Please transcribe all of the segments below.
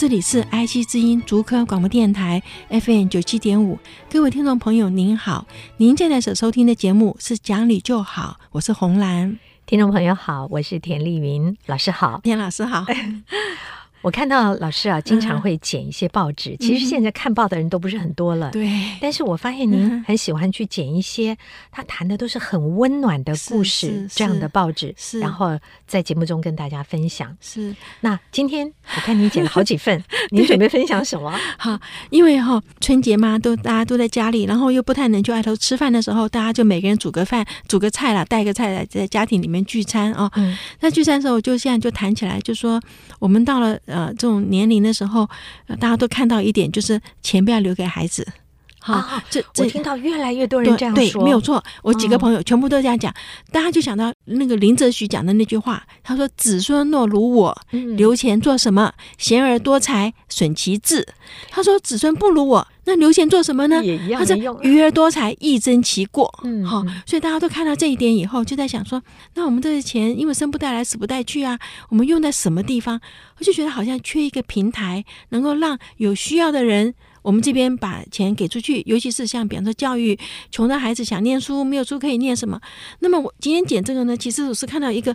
這裡是 IC 之音竹科廣播電台 FM 九七點五，各位聽眾朋友您好，您正在收收聽的節目是講理就好，我是洪蘭，聽眾朋友好，我是田麗雲老師好，田老師好。 我看到老師啊，經常會剪一些報紙。嗯、哼其實現在看報的人都不是很多了。對、嗯哼。但是我發現您、嗯、哼很喜歡去剪一些，他談的都是很溫暖的故事，是是是這樣的報紙，是是，然後在節目中跟大家分享。是。那今天我看你剪了好幾份，你是 準備分享什麼？好，因為哈、哦、春節嘛，都大家都在家裡，然後又不太能去外頭吃飯的時候，大家就每個人煮個飯，煮個菜啦，帶個菜來在家庭裡面聚餐啊。哦嗯、那聚餐的時候，就現在就談起來，就說我們到了。呃，這種年齡的時候，呃，大家都看到一點，就是錢不要留給孩子。好，啊、這我聽到越來越多人這樣說，對，對，沒有錯。我幾個朋友全部都這樣講，哦、大家就想到那個林則徐講的那句話，他說：“子孫若如我，留錢做什麼？賢而多財，損其志。嗯”他說：“子孫不如我，那留錢做什麼呢？”也一樣他說：“愚而多財，嗯、益增其過。嗯，好，所以大家都看到這一點以後，就在想說：那我們這些錢，因為生不帶來，死不帶去啊，我們用在什麼地方？我就覺得好像缺一個平台，能夠讓有需要的人。我們這邊把錢給出去，尤其是像比方說教育，窮的孩子想念書，沒有書可以念什麼。那麼我今天剪這個呢，其實我是看到一個，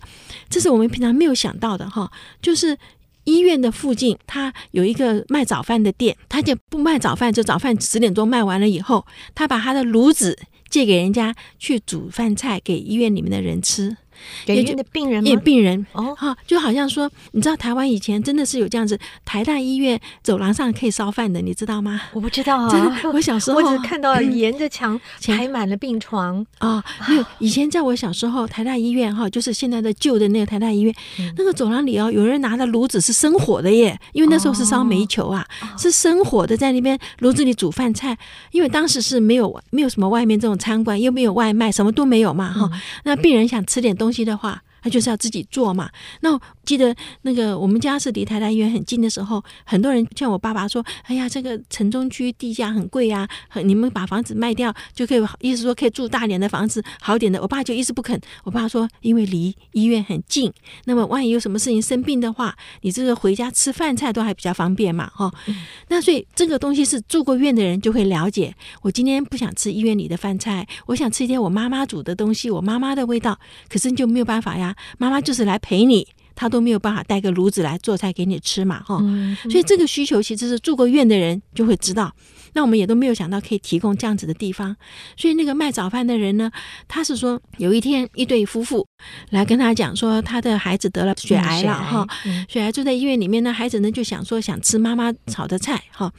這是我們平常沒有想到的哈，就是醫院的附近，他有一個賣早飯的店，他就不賣早飯，就早飯十點鐘賣完了以後，他把他的爐子借給人家去煮飯菜給醫院裡面的人吃。給病的病人嗎？給病人哦，哈、哦，就好像說，你知道台灣以前真的是有這樣子，台大醫院走廊上可以燒飯的，你知道嗎？我不知道啊，真的我小時候我只看到了、嗯、沿着牆排滿了病床啊。沒有、哦、 以前在我小時候，台大醫院哈，就是現在的舊的那個台大醫院，嗯、那個走廊裡哦，有人拿着爐子是生火的耶，因為那時候是燒煤球啊，哦、是生火的在那邊爐子裡煮飯菜，因為當時是沒有沒有什麼外面這種餐館，又沒有外賣，什麼都沒有嘛哈。哦嗯、那病人想吃點東。東西的話，他就是要自己做嘛。那。記得那個我們家是離台大醫院很近的時候，很多人勸我爸爸說：“哎呀，這個城中區地價很貴呀，啊，你們把房子賣掉就可以，意思說可以住大點的房子好點的。”我爸就一直不肯。我爸說：“因為離醫院很近，那麼萬一有什麼事情，生病的話，你這個回家吃飯菜都還比較方便嘛，哈，嗯。”那所以這個東西是住過院的人就會了解。我今天不想吃醫院裡的飯菜，我想吃一點我媽媽煮的東西，我媽媽的味道。可是你就沒有辦法呀，媽媽就是來陪你。他都沒有辦法帶個爐子來做菜給你吃嘛，哈。嗯，嗯。所以這個需求其實是住過院的人就會知道。那我們也都沒有想到可以提供這樣子的地方，所以那個賣早飯的人呢，他是說有一天一對夫婦來跟他講說，他的孩子得了血癌了哈，嗯哦、血癌住、嗯、在醫院裡面，那孩子呢就想說想吃媽媽炒的菜哈、哦，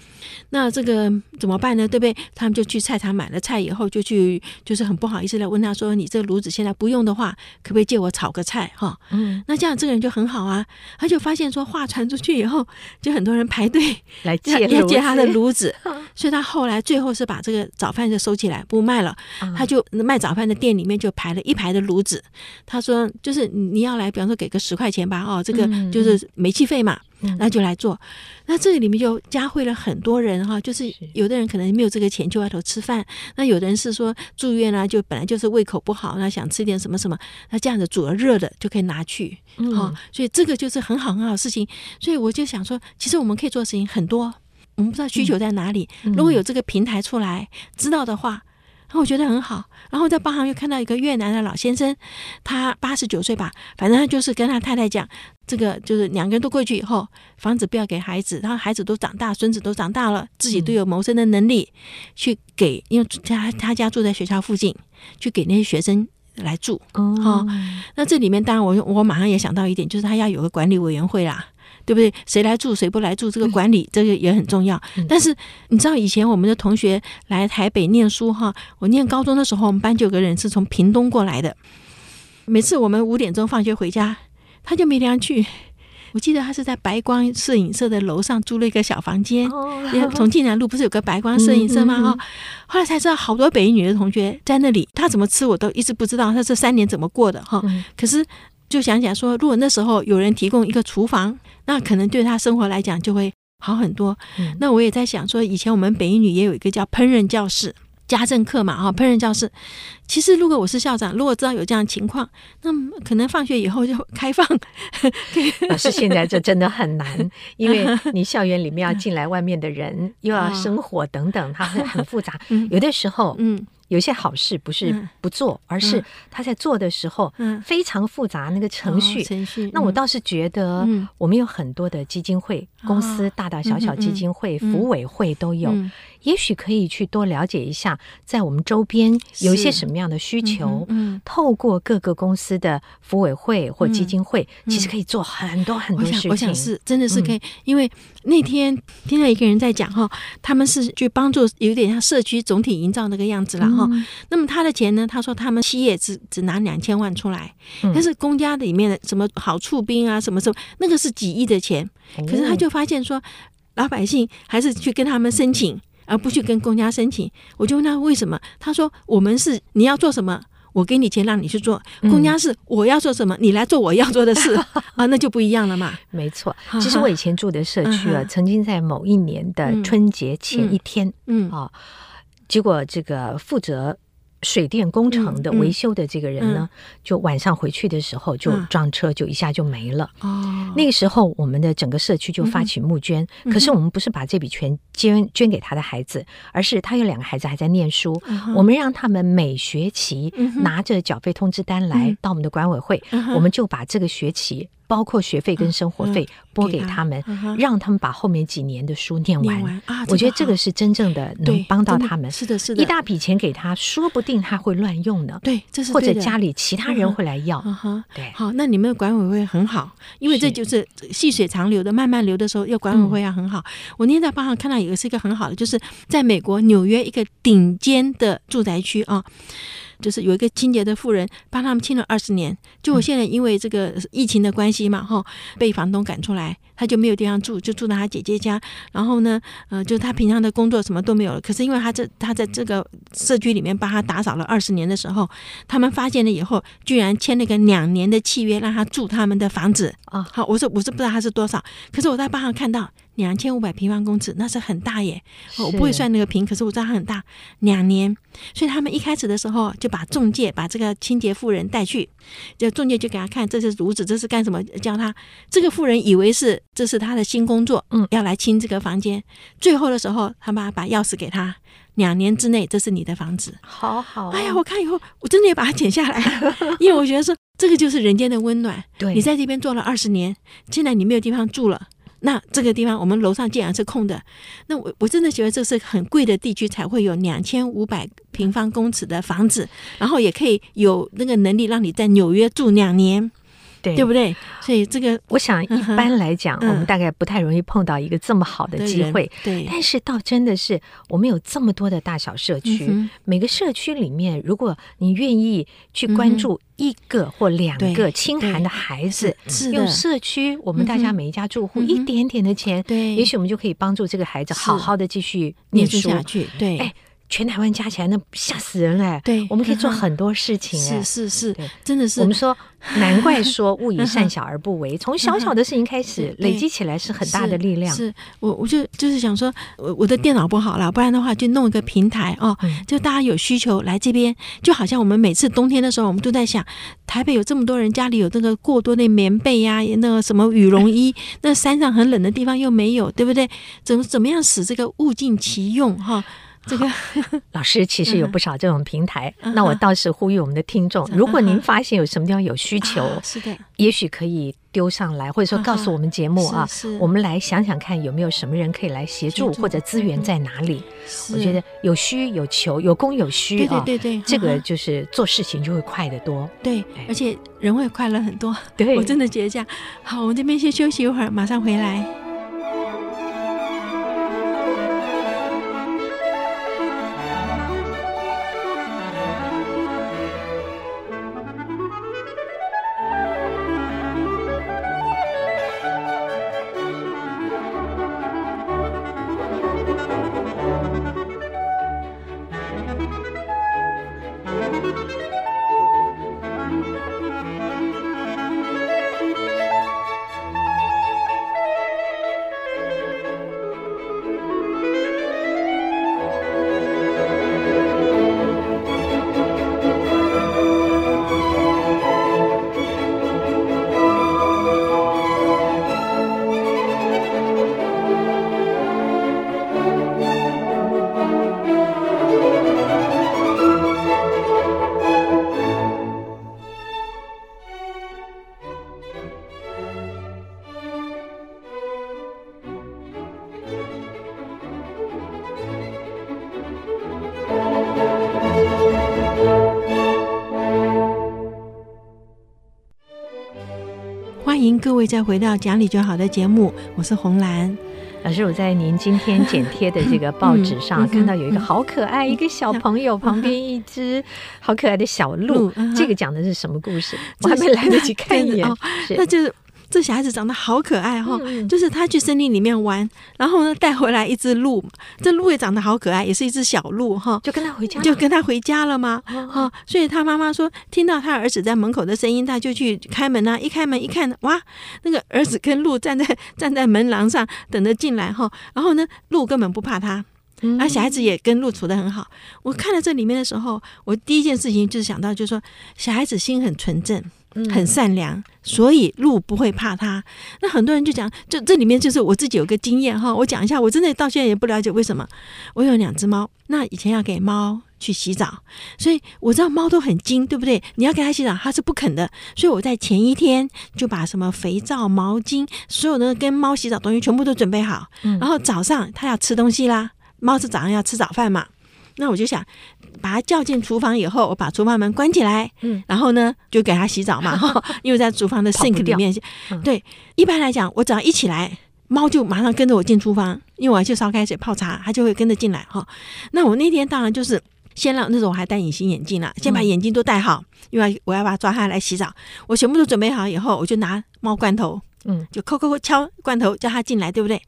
那這個怎麼辦呢？對不對？他們就去菜場買了菜，以後就去就是很不好意思來問他說，你這爐子現在不用的話，可不可以借我炒個菜哈？哦、嗯，那這樣這個人就很好啊，他就發現說話傳出去以後，就很多人排隊來借他，要借他的爐子。呵呵所以他後來最後是把這個早飯就收起來不賣了，他就賣早飯的店裡面就排了一排的爐子。他說：“就是你要來，比方說給個十塊錢吧，哦，這個就是煤氣費嘛，嗯、那就來做。嗯、那這個裡面就嘉惠了很多人哈，就是有的人可能沒有這個錢去外頭吃飯，是那有的人是說住院呢、啊，就本來就是胃口不好，那想吃點什麼什麼，那這樣子煮了熱的就可以拿去啊、嗯哦。所以這個就是很好很好事情。所以我就想說，其實我們可以做事情很多。”我們不知道需求在哪裡，嗯嗯、如果有這個平台出來，知道的話，然後我覺得很好。然後在包哈又看到一個越南的老先生，他八十九歲吧，反正他就是跟他太太講，這個就是兩個人都過去以後，房子不要給孩子，然後孩子都長大，孫子都長大了，自己都有謀生的能力，去給，嗯、因為他他家住在學校附近，去給那些學生來住。哦，哦那這裡面當然我我馬上也想到一點，就是他要有個管理委員會啦。對不對？誰來住，誰不來住，這個管理、嗯、這個也很重要。嗯、但是你知道，以前我們的同學來台北念書哈，嗯、我念高中的時候，我們班就有個人是從屏東過來的。每次我們五點鐘放學回家，他就沒地方去。我記得他是在白光攝影社的樓上租了一個小房間。哦、從濟南路不是有個白光攝影社嗎？哈、嗯，嗯、後來才知道好多北女的同學在那裡。他怎麼吃我都一直不知道，他這三年怎麼過的哈？嗯、可是。就想想說，如果那時候有人提供一個廚房，那可能對他生活來講就會好很多。嗯、那我也在想說，以前我們北一女也有一個叫烹飪教室、家政課嘛，哈，烹飪教室。其實，如果我是校長，如果知道有這樣情況，那可能放學以後就開放。可是師 現在這真的很難，因為你校園裡面要進來外面的人，嗯、又要生活等等，哦、它會很複雜。嗯、有的時候，嗯。有些好事不是不做，嗯、而是他在做的時候非常複雜那個程序。哦、程序、嗯、那我倒是覺得，我們有很多的基金會、哦、公司，大大小小，小基金會、福、哦嗯嗯、委會都有，嗯嗯、也許可以去多了解一下，在我們周邊有一些什麼樣的需求。嗯嗯、透過各個公司的福委會或基金會，嗯嗯、其實可以做很多很多事情。我想，我想是，真的是可以。嗯、因為那天聽到一個人在講哈，他們是去幫助，有點像社區總體營造那個樣子了。哦、那麼他的錢呢？他說他們企業只只拿兩千萬出來，但是公家裡面的什麼好處兵啊，什麼什麼，那個是幾億的錢。可是他就發現說，老百姓還是去跟他們申請，嗯、而不去跟公家申請。我就問他為什麼？他說我們是你要做什麼，我給你錢讓你去做；公家是我要做什麼，你來做我要做的事、嗯、 啊，那就不一樣了嘛。沒錯，其實我以前住的社區啊，啊哈曾經在某一年的春節前一天，嗯啊。嗯嗯哦結果，這個負責水電工程的維修的這個人呢，嗯嗯、就晚上回去的時候就撞車，就一下就沒了。啊、那個時候，我們的整個社區就發起募捐，嗯、哼可是我們不是把這筆錢捐、嗯、哼捐給他的孩子，而是他有兩個孩子還在念書，嗯、哼我們讓他們每學期拿着繳費通知單來到我們的管委會，嗯、哼我們就把這個學期。包括學費跟生活費撥、嗯嗯、給他們，他嗯、讓他們把後面幾年的書念完。念完啊、我覺得這個是真正的能幫到他們。對的是的，是的。一大筆錢給他說不定他會亂用的。對，這是的或者家裡其他人會來要。嗯嗯、哈，對。好，那你們管委會很好，因為這就是細水長流的，慢慢流的時候要管委會要很好。嗯、我那天在報上看到一個是一個很好的，就是在美國紐約一個頂尖的住宅區啊。就是有一個清潔的婦人幫他們清了二十年，就我現在因為這個疫情的關係嘛，哈、哦，被房東趕出來，他就沒有地方住，就住在他姐姐家。然後呢，呃，就他平常的工作什麼都沒有了。可是因為他這他在這個社區裡面幫他打掃了二十年的時候，他們發現了以後，居然簽了個兩年的契約讓他住他們的房子啊。哦、好，我說我是不知道他是多少，可是我在網上看到。兩千五百平方公尺，那是很大耶！是哦、我不會算那個坪，可是我知道它很大。兩年，所以他們一開始的時候就把中介把這個清潔婦人帶去，就中介就給他看，這是竹子，這是幹什麼？教他這個婦人以為是這是他的新工作，嗯，要來清這個房間。最後的時候，他把，把鑰匙給他，兩年之內這是你的房子。好好，哎呀，我看以後我真的要把它剪下來，啊，因為我覺得說 這個就是人間的溫暖。對，你在這邊做了二十年，現在你沒有地方住了。那這個地方，我們樓上竟然是空的。那我我真的覺得這是很貴的地區，才會有兩千五百平方公尺的房子，然後也可以有那個能力讓你在紐約住兩年。對，對不對？所以這個，我想一般來講，嗯、哼我們大概不太容易碰到一個這麼好的機會。對，對，但是倒真的是，我們有這麼多的大小社區，嗯、哼每個社區裡面，如果你願意去關注一個或兩個清寒的孩子，嗯、用社區，我們大家每一家住戶一點點的錢，嗯嗯、對，也許我們就可以幫助這個孩子好好的繼續唸書念下去。對，哎全台灣加起來，那嚇死人嘞！對，我們可以做很多事情。欸嗯、是是是，對真的是。我們說，難怪說“勿以善小而不為”，從、嗯、哼小小的事情開始，嗯、哼累積起來是很大的力量。是，是我，我就就是想說，我我的電腦不好了，不然的話就弄一個平台哦，就大家有需求來這邊，就好像我們每次冬天的時候，我們都在想，台北有這麼多人，家裡有那個過多的棉被呀、啊，那個什麼羽絨衣，那山上很冷的地方又沒有，對不對？怎麼怎麼樣使這個物盡其用哈？這個老師其實有不少這種平台，嗯、那我倒是呼籲我們的聽眾，嗯嗯、如果您發現有什麼地方有需求，是的、嗯，嗯、也許可以丟上來，或者說告訴我們節目啊，嗯嗯、我們來想想看有沒有什麼人可以來協助，或者資源在哪裡。嗯、我覺得有需有求，有供有需啊，對，對對對，嗯、這個就是做事情就會快得多。對，而且人會快樂很多。嗯、對，我真的覺得這樣。好，我們這邊先休息一會兒，馬上回來。再回到講理就好的節目，我是洪蘭老師。我在您今天剪貼的這個報紙上看到有一個好可愛一個小朋友，旁邊一隻好可愛的小鹿。 嗯嗯嗯嗯、這個講的是什麼故事？我還沒來得及看一眼，那就是。嗯嗯嗯嗯是這小孩子長得好可愛哈，嗯嗯就是他去森林裡面玩，然後呢帶回來一隻鹿，這鹿也長得好可愛，也是一隻小鹿哈，就跟他回家了，就跟他回家了嗎？哈、哦哦哦，所以他媽媽說，聽到他兒子在門口的聲音，他就去開門吶、啊，一開門一看，哇，那個兒子跟鹿站在站在門廊上等着進來哈，然後呢鹿根本不怕他，啊、嗯嗯、小孩子也跟鹿處得很好，我看到這裡面的時候，我第一件事情就是想到，就是說小孩子心很純正。很善良，所以鹿不會怕它。那很多人就講，就這裡面就是我自己有個經驗哈，我講一下，我真的到現在也不了解為什麼。我有兩隻貓，那以前要給貓去洗澡，所以我知道貓都很精，對不對？你要給它洗澡，它是不肯的。所以我在前一天就把什麼肥皂、毛巾，所有的跟貓洗澡東西全部都準備好。然後早上它要吃東西啦，貓是早上要吃早飯嘛。那我就想把他叫進廚房以後，我把廚房門關起來，嗯、然後呢就給他洗澡嘛， 因為在廚房的 sink 裡面。嗯、對，一般來講，我只要一起來，貓就馬上跟着我進廚房，因為我要去燒開水泡茶，它就會跟着進來哈。那我那天當然就是先讓那時候我還戴隱形眼鏡了，先把眼鏡都戴好，嗯、因為我要把它抓下來洗澡，我全部都準備好以後，我就拿貓罐頭。嗯，就扣扣扣敲罐頭，叫他進來，對不對？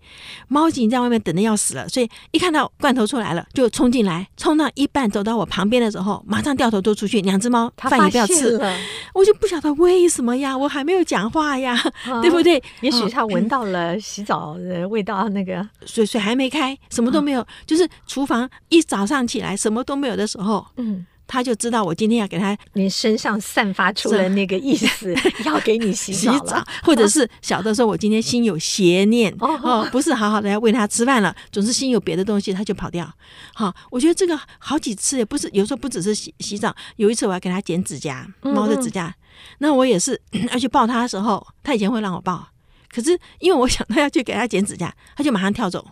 貓已經在外面等的要死了，所以一看到罐頭出來了，就衝進來，衝到一半走到我旁邊的時候，馬上掉頭就出去。兩隻貓飯也不要吃了，我就不曉得為什麼呀，我還沒有講話呀，啊、對不對？啊、也許他聞到了洗澡的味道，那個水水還沒開，什麼都沒有，啊、就是廚房一早上起來什麼都沒有的時候，嗯。他就知道我今天要給他，你身上散發出了那個意思，是要給你洗澡，洗澡或者是曉得說，我今天心有邪念哦，哦，不是好好的要餵他吃飯了，總是心有別的東西，他就跑掉。好、哦，我覺得這個好幾次也不是，有時候不只是洗洗澡，有一次我還給他剪指甲，貓的指甲，嗯、那我也是要去抱他的時候，他以前會讓我抱，可是因為我想到要去給他剪指甲，他就馬上跳走。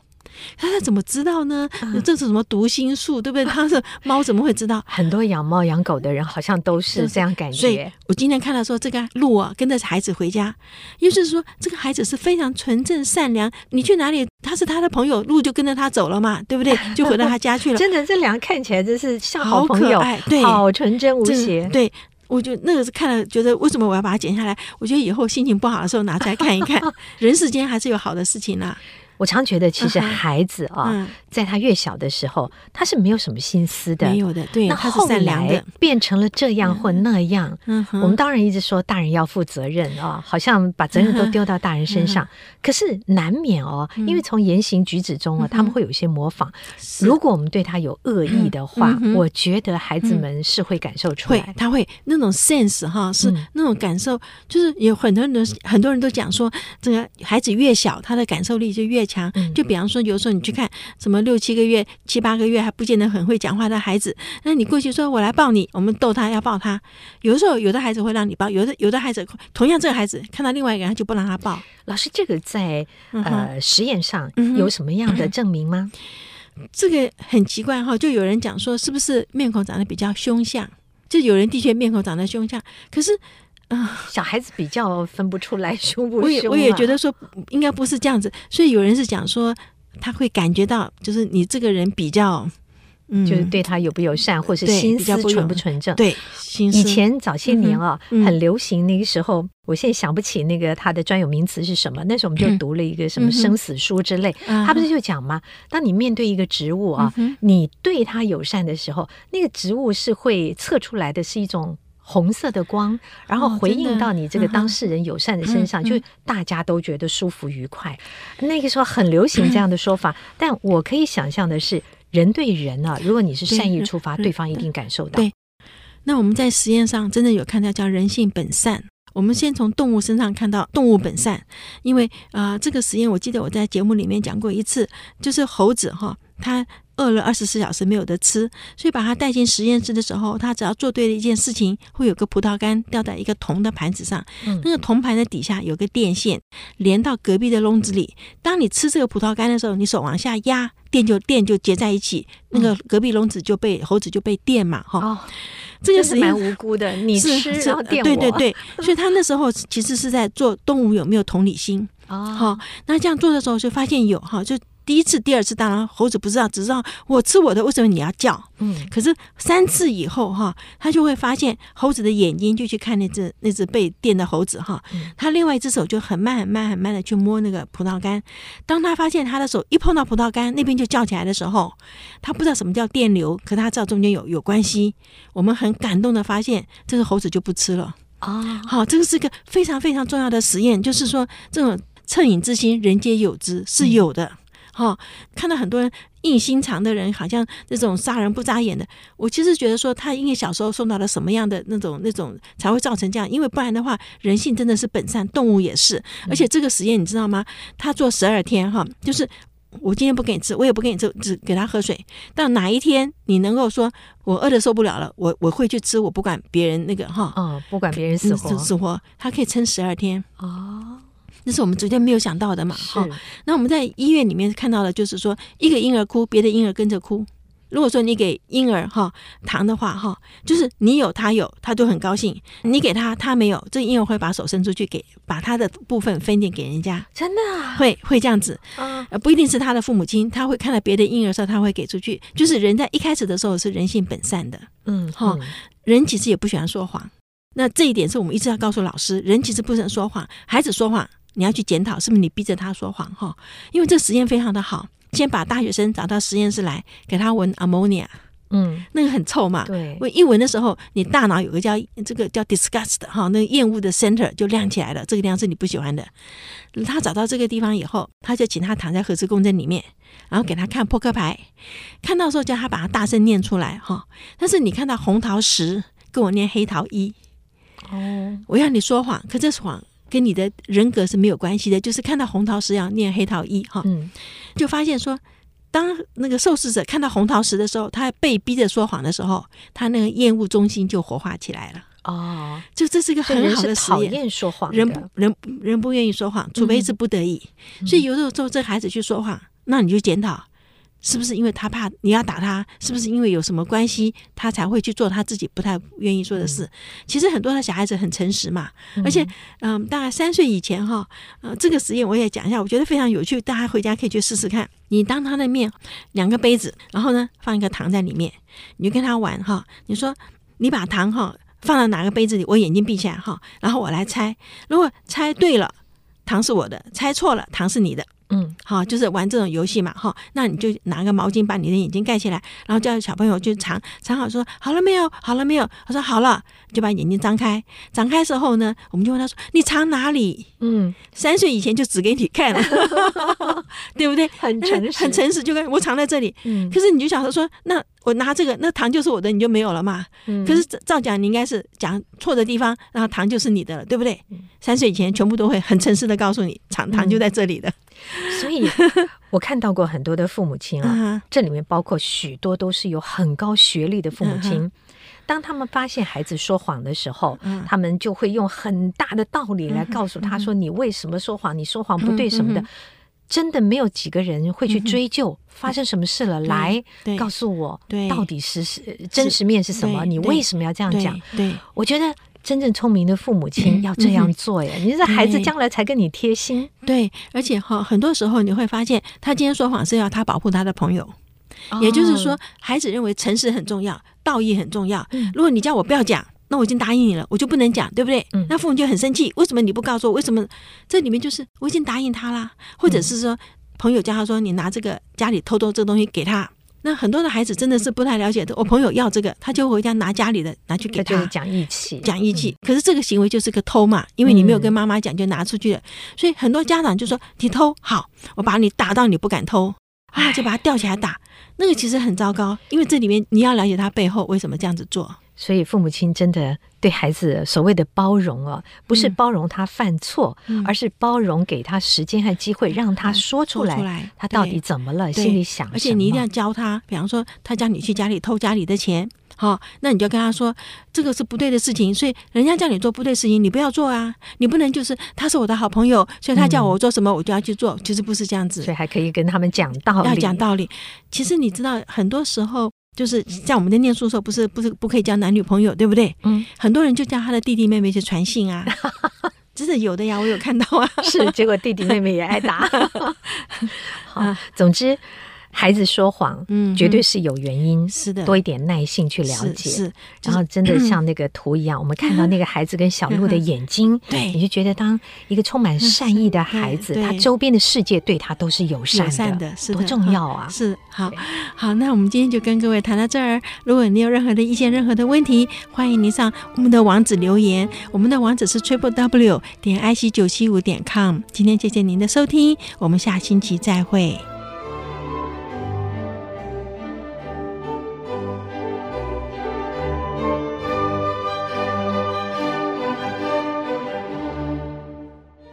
他怎麼知道呢？嗯、這是什麼讀心術，對不對？嗯、他是貓，怎麼會知道？很多養貓養狗的人好像都是這樣感覺。嗯、我今天看到說，這個鹿、啊、跟着孩子回家，也就是說這個孩子是非常純正善良。你去哪裡，他是他的朋友，鹿就跟着他走了嘛，對不對？就回到他家去了。 真的，這兩個看起來真是像好朋友，好可愛，對，好純真無邪。對，我就那個是看了，覺得為什麼我要把它剪下來？我覺得以後心情不好的時候拿出來看一看， 人世間還是有好的事情呢、啊。我常覺得，其實孩子啊，在他越小的時候，他是沒有什麼心思的。沒有的，對。他是善良的。那後來變成了這樣或那樣。嗯，我們當然一直說大人要負責任啊，好像把責任都丟到大人身上。可是難免哦，因為從言行舉止中啊，他們會有一些模仿。是。如果我們對他有惡意的話，我覺得孩子們是會感受出來。會，他會那種 sense 哈，是那種感受，就是有很多人，很多人都講說，這個孩子越小，他的感受力就越。強，就比方說，有時候你去看什麼六七個月、七八個月還不見得很會講話的孩子，那你過去說“我來抱你”，我們逗他要抱他，有的時候有的孩子會讓你抱，有的有的孩子同樣這個孩子看到另外一個人就不讓他抱。老師，這個在呃實驗上有什麼樣的證明嗎？嗯嗯嗯、這個很奇怪哈、哦，就有人講說是不是面孔長得比較兇相，就有人的確面孔長得兇相，可是。啊，小孩子比較分不出來凶不凶。 我也我也覺得說，應該不是這樣子。所以有人是講說，他會感覺到，就是你這個人比較，嗯、就是對他友不友善，或是心思純不純正。對，心思。以前早些年啊、哦，嗯、很流行那個時候，嗯、我現在想不起那個他的專有名詞是什麼。那時候我們就讀了一個什麼生死書之類，嗯嗯嗯、他不是就講嗎？當你面對一個植物啊，嗯、哼你對他友善的時候，那個植物是會測出來的是一種紅色的光，然後回應到你這個當事人友善的身上，哦嗯、就大家都覺得舒服愉快。嗯嗯、那個時候很流行這樣的說法，嗯、但我可以想象的是，人對人呢、啊，如果你是善意出發，對方一定感受到。對，對，對，那我們在實驗上真的有看到叫人性本善。我們先從動物身上看到動物本善，因為啊、呃，這個實驗我記得我在節目裡面講過一次，就是猴子哈，它，餓了二十四小時沒有得吃，所以把他帶進實驗室的時候，他只要做對了一件事情，會有個葡萄乾掉在一個銅的盤子上，那個銅盤的底下有個電線連到隔壁的籠子裡。當你吃這個葡萄乾的時候，你手往下壓，電就電就結在一起，那個隔壁籠子就被猴子就被電嘛，哈、哦，這就是蠻無辜的。你吃是是，然後電我，對對對。所以他那時候其實是在做動物有沒有同理心好、哦哦，那這樣做的時候就發現有哈，就。第一次、第二次，當然猴子不知道，只知道我吃我的，為什麼你要叫？嗯，可是三次以後哈，他就會發現猴子的眼睛就去看那只那只被電的猴子哈，他另外一只手就很慢、很慢、很慢的去摸那個葡萄乾。當他發現他的手一碰到葡萄乾那邊就叫起來的時候，他不知道什麼叫電流，可他知道中間有有關係。我們很感動的發現，這個猴子就不吃了啊！好，這個是一個非常非常重要的實驗，就是說這種惻隱之心，人皆有之，是有的。嗯哈、哦，看到很多人硬心腸的人，好像那種殺人不眨眼的。我其實覺得說他因為小時候受到了什麼樣的那種那種，才會造成這樣。因為不然的話，人性真的是本善，動物也是。嗯、而且這個實驗你知道嗎？他做十二天哈、哦，就是我今天不給你吃，我也不給你吃，只給他喝水。到哪一天你能夠說，我餓得受不了了，我我會去吃。我不管別人那個哈，啊、哦哦，不管別人死活死活，他可以撐十二天哦。那是我們昨天沒有想到的嘛？哈是、哦，那我們在醫院裡面看到的就是說一個嬰兒哭，別的嬰兒跟着哭。如果說你給嬰兒哈、哦、糖的話，哈、哦，就是你有他有，他就很高興；你給他他沒有，這嬰兒會把手伸出去給，把他的部分分點給人家。真的啊，會會這樣子啊？不一定是他的父母親，他會看到別的嬰兒的時候，他會給出去。就是人在一開始的時候是人性本善的，嗯，哈、哦，嗯、人其實也不喜歡說謊。那這一點是我們一直要告訴老師：人其實不能說謊，孩子說謊。你要去檢討，是不是你逼着他說謊哈？因為這實驗非常的好，先把大學生找到實驗室來，給他聞 ammonia，嗯，那個很臭嘛，對。我一聞的時候，你大腦有個叫這個叫 disgust 哈，那個厭惡的 center 就亮起來了，這個地方是你不喜歡的。他找到這個地方以後，他就請他躺在核磁共振裡面，然後給他看撲克牌，看到時候叫他把它大聲念出來哈。但是你看到紅桃十，跟我念黑桃一、嗯，哦，我要你說謊，可這是謊。跟你的人格是沒有關係的，就是看到紅桃十要念黑桃一哈，嗯、就發現說，當那個受試者看到紅桃十的時候，他被逼着說謊的時候，他那個厭惡中心就活化起來了。哦，這這是一個很好的實驗，人討厭說謊人，人不人人不願意說謊，除非是不得已。嗯、所以有時候，這個、孩子去說謊，那你就檢討。是不是因為他怕你要打他？是不是因為有什麼關係，他才會去做他自己不太願意做的事？其實很多的小孩子很誠實嘛，而且，嗯、呃，大概三歲以前哈，呃，這個實驗我也講一下，我覺得非常有趣，大家回家可以去試試看。你當他的面，兩個杯子，然後呢放一個糖在裡面，你就跟他玩哈，你說你把糖哈放到哪個杯子裡，我眼睛閉起來哈，然後我來猜，如果猜對了，糖是我的；猜錯了，糖是你的。嗯，好，哦，就是玩這種遊戲嘛，哈，那你就拿個毛巾把你的眼睛蓋起來，然後叫小朋友去藏，藏好說，說好了沒有？好了沒有？他說好了，就把眼睛張開，張開時候呢，我們就問他說，你藏哪裡？嗯，三歲以前就指給你看了，對不對？很誠實，很誠實，就跟我藏在這裡。嗯，可是你就想着說那我拿這個那糖就是我的，你就沒有了嘛？嗯，可是照講你應該是講錯的地方，然後糖就是你的了，對不對？三歲以前全部都會很誠實的告訴你，糖糖就在這裡的。嗯所以，我看到過很多的父母親啊，這裡面包括許多都是有很高學歷的父母親。當他們發現孩子說謊的時候，他們就會用很大的道理來告訴他說：“你為什麼說謊？你說謊不對什麼的。”真的沒有幾個人會去追究發生什麼事了，來告訴我，到底是真實面是什麼？你為什麼要這樣講？我覺得。真正聰明的父母親要這樣做呀，嗯、你這孩子將來才跟你貼心。對，而且哈、哦，很多時候你會發現，他今天說謊是要他保護他的朋友，哦、也就是說，孩子認為誠實很重要，道義很重要。如果你叫我不要講，嗯、那我已經答應你了，我就不能講，對不對？嗯、那父母就很生氣，為什麼你不告訴我？為什麼這裡面就是我已經答應他了，或者是說、嗯、朋友叫他說你拿這個家裡偷偷這東西給他。那很多的孩子真的是不太了解的。嗯、我朋友要這個，他就回家拿家裡的，拿去給他。講義，講義氣，講義氣。可是這個行為就是個偷嘛，因為你沒有跟媽媽講，就拿出去了。嗯、所以很多家長就說：“你偷好，我把你打到你不敢偷啊！”就把他吊起來打。唉那個其實很糟糕，因為這裡面你要了解他背後為什麼這樣子做。所以，父母親真的對孩子所謂的包容哦、啊，不是包容他犯錯，嗯、而是包容給他時間和機會，嗯、讓他說出來，出來他到底怎麼了，對心裡想什麼。而且你一定要教他，比方說他叫你去家裡偷家裡的錢，好，那你就跟他說，這個是不對的事情，所以人家叫你做不對事情，你不要做啊，你不能就是他是我的好朋友，所以他叫我做什麼我就要去做，嗯、其實不是這樣子，所以還可以跟他們講道理，要講道理。其實你知道，很多時候。嗯就是在我們的念書的時候，不是不是不可以交男女朋友，對不對？嗯，很多人就叫他的弟弟妹妹去傳信啊，真的 有的呀，我有看到啊。 是，結果弟弟妹妹也挨打。 好，總之。孩子說謊，嗯哼，絕對是有原因，是的。多一點耐性，去了解，是，是。然後真的像那個圖一樣， 我們看到那個孩子跟小鹿的眼睛，對、嗯哼，你就覺得當一個充滿善意的孩子，他周邊的世界對他都是友善的，善的是的多重要啊！嗯、是好，對好。那我們今天就跟各位談到這兒。如果你有任何的意見、任何的問題，歡迎您上我們的網址留言。我們的網址是 triple w 點 ic 九七五點 com。今天謝謝您的收聽，我們下星期再會。